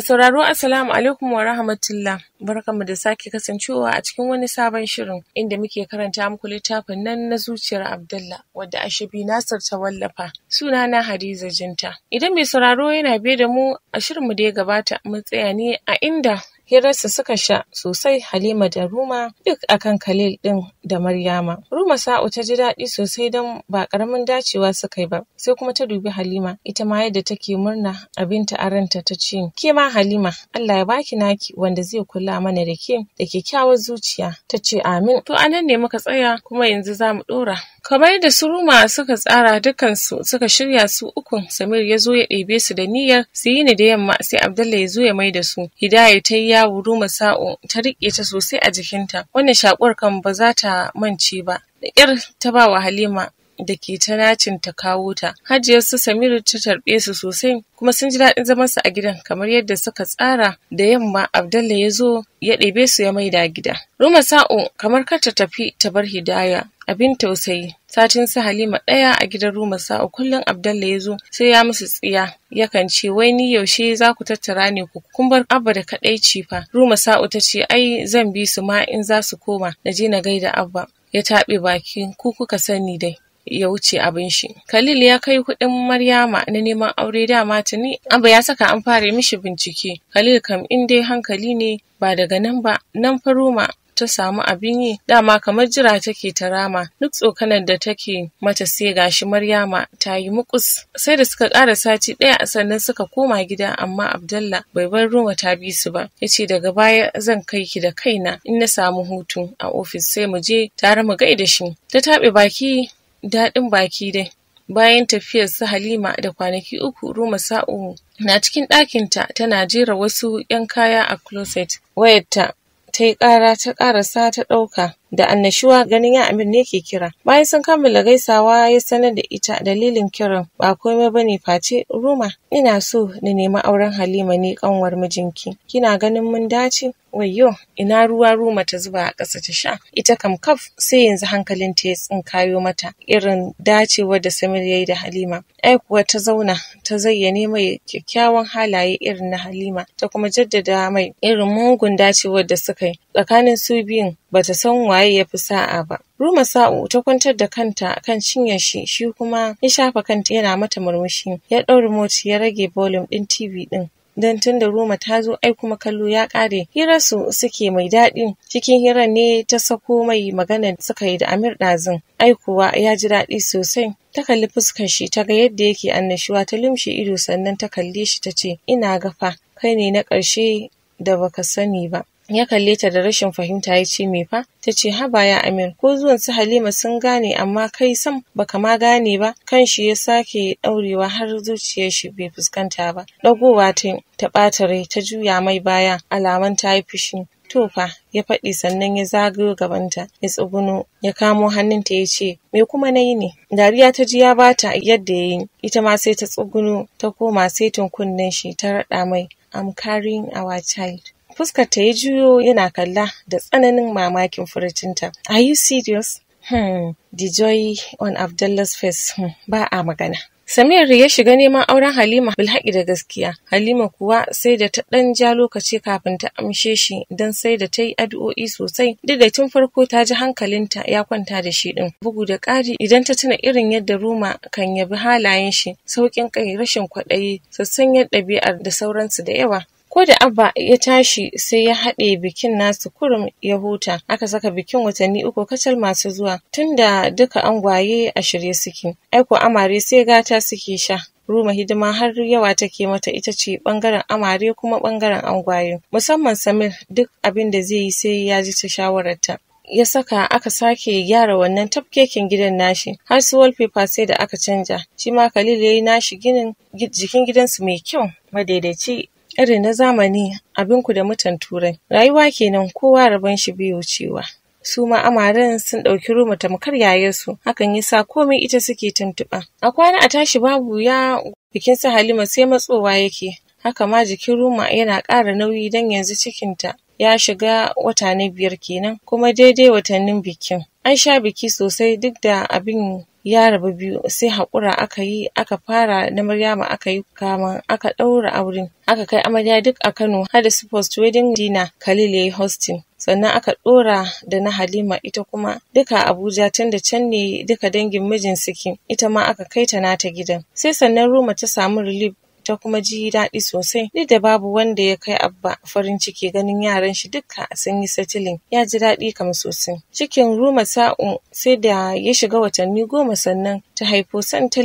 Mai sauraro Assalamu alaikum wa rahmatullah. Barkanmu da sake kasancewa a cikin wani sabon shirin inda muke karanta muku littafin nan na zuciyar Abdullah wadda Ashabi Nasir ta wallafa. suna na Hadiza Jinta. Idan mai sauraro yana biye da mu a shirinmu da ya gabata mu tsaya ne a inda Hirarsa suka sha sosai Halima da Ruma duk akan Khalil din da Maryama. Ruma sa'u ta ji daɗi sosai don ba ƙaramin dacewa suka yi ba. Sai kuma ta dubi Halima ita ma yadda take murna abinta a ranta ta ce ke ma Halima Allah ya baki naki wanda zai kula mana da ke da kyakkyawar zuciya ta ce amin to anan ne muka tsaya kuma yanzu za mu ɗora. kamar da su ruma suka tsara dukansu suka shirya su ukun samir ya zo ya ɗebe su da niyyar su yi ni da yamma sai abdalla ya zo ya mai da su hidaya ta yi yawo ruma sa'o ta riƙe ta sosai a jikinta wannan shakuwar kan ba za ta mance ba da ƙyar ta ba wa halima da ke ta nacin ta kawo ta. Hajiyar su Samiru ta tarbe su sosai kuma sun ji daɗin zaman su a gidan kamar yadda suka tsara da yamma Abdalla ya zo ya ɗebe su ya maida gida. Ruma sa'o kamar kar ta tafi ta bar Hidaya abin tausayi satin su Halima ɗaya a gidan Ruma sa'o kullum Abdalla ya zo sai ya musu tsiya yakan ce wai ni yaushe za ku tattara ne ku kun bar Abba da kaɗai cifa. Ruma sa'o ta ce ai zan bi su ma in za su koma na je na gaida Abba. ya taɓe baki ku kuka sani dai ya wuce abin shi. Khalil ya kai kuɗin Maryama na neman aure dama tuni Aba ya saka an fara mishi bincike. Khalil kam in dai hankali ne ba daga nan ba nan faruma ta samu abin yi dama kamar jira take ta rama duk tsokanar da take mata sai gashi maryama ta yi mukus sai da suka ƙara sati ɗaya sannan suka koma gida amma abdalla bai bar roma ta bi su ba yace daga baya zan kai ki da kaina in na samu hutu a ofis sai mu je tare mu gaida shi ta taɓe baki daɗin baki dai. Bayan tafiyarsa Halima da kwanaki uku Ruma sa'o. na cikin ɗakinta tana jera wasu ‘yan kaya a closet. Wayarta ta yi ƙara ta ƙarasa ta ɗauka. da annashuwa ganin ya Amir ne ke kira. Bayan sun kammala gaisawa ya sanar da ita dalilin kiran ba komai ba ne face Ruma ina so na nemi auren Halima ne kanwar mijinki. Kina ganin mun dace? Wayyo, ina ruwa Ruma ta zuba a ƙasa ta sha. Ita kam kaf sai yanzu hankalin ta ya tsinkayo mata irin dacewa da Samir yi da Halima. Ai kuwa ta zauna ta zayyane mai kyakkyawan halaye irin na Halima ta kuma jaddada mai irin mugun dacewar da suka yi tsakanin su biyun bata san waye ya fi sa'a ba. Ruma sa'u ta kwantar da kanta kan cinyar shi shi kuma ya shafa kanta yana mata murmushi ya ɗau remote ya rage volume ɗin TV ɗin. Don tun da Ruma ta zo ai kuma kallo ya ƙare su suke mai daɗi cikin hira ne ta sako mai magana suka yi da Amir ɗazun ai kuwa ya ji daɗi sosai ta kalli fuskar shi ta ga yadda yake annashuwa ta lumshe ido sannan ta kalle shi ta ce ina gafa kai ne na ƙarshe da baka sani ba ya kalle ta da rashin fahimta ya ce me fa ta ce haba ya amin ko zuwan su halima sun gane amma kai sam baka ma gane ba kan shi ya sake daurewa har zuciyar shi bai fuskanta ba dagowa ta ta bata ta juya mai baya alaman ta yi fushi to fa ya faɗi sannan ya zagayo gabanta ya tsuguno ya kamo hannunta ya ce me kuma na yi ne dariya ta ji ya bata yadda ya yi ita ma sai ta tsuguno ta koma sai kunnen shi ta raɗa mai I'm carrying our child ta ya juyo yana kalla da tsananin mamakin furucinta. Are you serious? Hmm, the joy on Abdullah's face hmm. ba a magana. Samir ya shiga neman auren Halima bilhaƙi da gaskiya. Halima kuwa sai da ta ɗan ja lokaci kafin ta amshe shi don sai da ta yi addu'o'i sosai. Duk da tun farko ta ji hankalinta ya kwanta da shi ɗin. Bugu da ƙari idan ta tuna irin yadda Ruma kan yabi halayen shi, sauƙin kai, rashin kwaɗayi, sassanyar ɗabi'ar da sauransu da yawa. Ko da Abba ya tashi sai ya haɗe bikin nasu kurum ya huta, aka saka bikin watanni uku kacal masu zuwa tunda duka angwaye a shirye suke. Aiko amare sai gata suke sha. Ruma hidima har yawa take mata ita ce bangaren amare kuma bangaren angwaye. Musamman Samir duk abin da zai yi sai ya ji ta shawararta. ya saka aka sake gyara wannan tafkekin gidan nashi har su wallpaper sai da aka canja shi ma Khalil yi nashi ginin jikin gidansu mai kyau madaidaici irin na zamani abinku da mutan turai rayuwa kenan kowa rabon shi biyu cewa su ma amaran sun ɗauki ruma tamkar yayarsu hakan ya sa komai ita suke tuntuɓa a kwana a tashi babu ya bikin su halima sai matsowa yake haka ma jikin ruma yana ƙara nauyi don yanzu cikinta ya shiga wata na biyar kenan kuma daidai watannin bikin an sha biki sosai duk da abin ya rabu biyu sai haƙura aka yi aka fara na Maryama aka yi kaman aka ɗaura auren aka kai amarya duk a Kano har da su post wedding dinner Khalil yayi hosting sannan aka ɗora da na Halima ita kuma duka Abuja tun da can ne duka dangin mijin suke ita ma aka kai ta nata gidan sai sannan Roma ta samu relief ta kuma ji daɗi sosai duk da babu wanda ya kai abba farin ciki ganin yaran shi dukka sun yi settling ya ji daɗi kamar sosai cikin ruma sa'u sai da ya shiga watanni goma sannan ta haifo san ta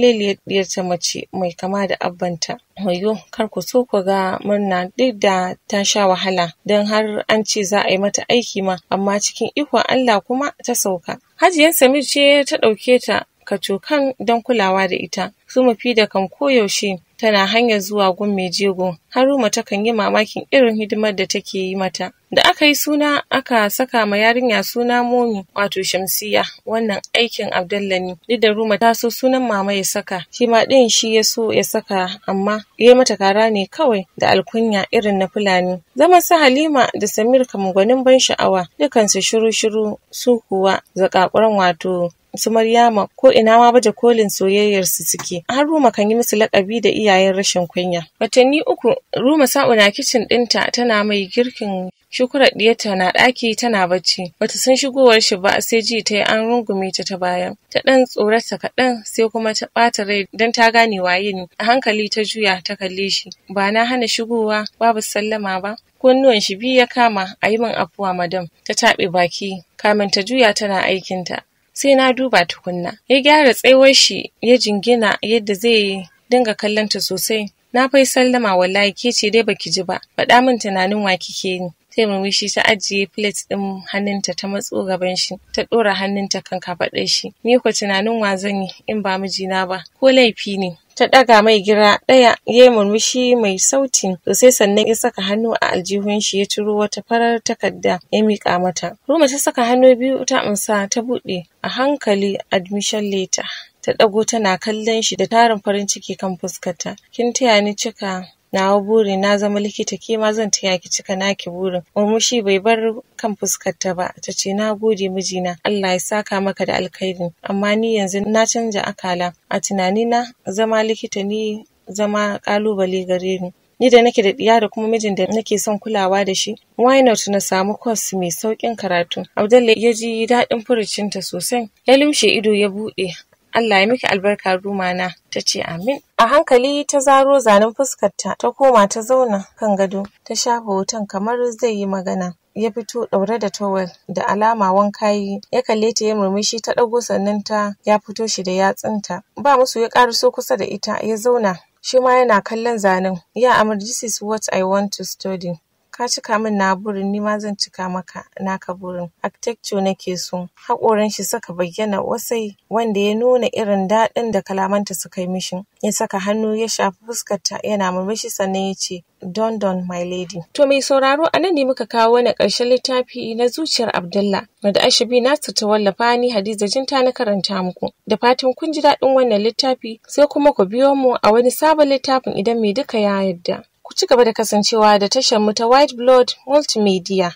mace mai kama da abbanta Wayo, kar ku so ku ga murna duk da ta sha wahala don har an ce za a yi mata aiki ma amma cikin ikon Allah kuma ta sauka Hajiyar samir ce ta ɗauke ta kacokan don kulawa da ita su mafi da kan koyaushe tana hanyar zuwa gun mai jego haruma takan yi mamakin irin hidimar da take yi mata da aka yi suna aka saka ma yarinya suna momi wato shamsiya wannan aikin abdalla ne duk da ruma ta so sunan mama ya saka shi ma din shi ya so ya saka amma ya mata kara ne kawai da alkunya irin na fulani zaman su halima da samir kamgwanin ban sha'awa dukansu shiru shiru su kuwa zakakuran wato su Maryama ko ina ma baje kolin soyayyar su suke. Har Ruma kan yi musu lakabi da iyayen rashin kunya. Watanni uku Ruma sa'u na kicin dinta, tana mai girkin Shukura ɗiyarta na ɗaki tana bacci, bata san shigowar shi ba sai ji ta yi an rungume ta ta bayan. Ta ɗan tsorata kaɗan sai kuma ta ɓata rai don ta gane waye ne. A hankali ta juya ta kalle shi. Ba na hana shigowa babu sallama ba. Kunnuwan shi biyu ya kama a yi min afuwa madam. Ta taɓe baki kamin ta juya tana aikinta. sai na duba tukunna ya gyara tsayuwar shi ya jingina yadda zai dinga kallonta sosai na fai sallama wallahi ke ce dai baki ji ba faɗa min tunanin wa kike ni ta murmushi ta ajiye plate ɗin hannunta ta matso gaban shi ta ɗora hannunta kan kafaɗar shi ni ko tunanin wa zan yi in ba mijina ba ko laifi ne ta ɗaga mai gira ɗaya ya yi murmushi mai sauti sosai sannan ya saka hannu a aljihun shi ya turo wata farar takarda ya miƙa mata roma ta saka hannu biyu ta amsa ta buɗe a hankali admission letter ta ɗago tana kallon shi da tarin farin ciki kan fuskarta kin taya ni cika nawa buri na zama likita ke ma zan taya ki cika naki burin murmushi bai bar kan fuskar ta ba ta ce na gode mijina Allah ya saka maka da alkhairi amma ni yanzu na canja akala a tunanina zama likita ni zama kalubale gare ni ni da nake da ɗiya da kuma mijin da nake son kulawa da shi why not na samu kwas mai saukin karatu abdalla ya ji daɗin furucinta sosai ya lumshe ido ya buɗe Allah ya miki albarka rumana ta ce amin. A hankali ta zaro zanen fuskarta ta koma ta zauna kan gado ta shafa hoton kamar zai yi magana. Ya fito ɗaure da towel da alama wanka yi ya kalle ta ya murmushi ta ɗago sannan ta ya fito shi da yatsunta. Ba musu ya ƙaruso kusa da ita ya zauna shi ma yana kallon zanen. Ya amir this what I want to study. ka cika min na burin ma zan cika maka naka burin architecture nake so haƙoran shi saka bayyana wasai wanda ya nuna irin daɗin da kalamanta suka yi mishin ya saka hannu ya shafi fuskarta yana murmushi sannan ya ce don don my lady to mai sauraro a nan ne muka kawo wani ƙarshen littafi na zuciyar abdullah wanda ashibi nasu ta wallafa ni hadiza jinta na karanta muku da fatan kun ji daɗin wannan littafi sai kuma ku biyo mu a wani sabon littafin idan mai duka ya yarda ku ci gaba da kasancewa da tashar mu ta White Blood Multimedia.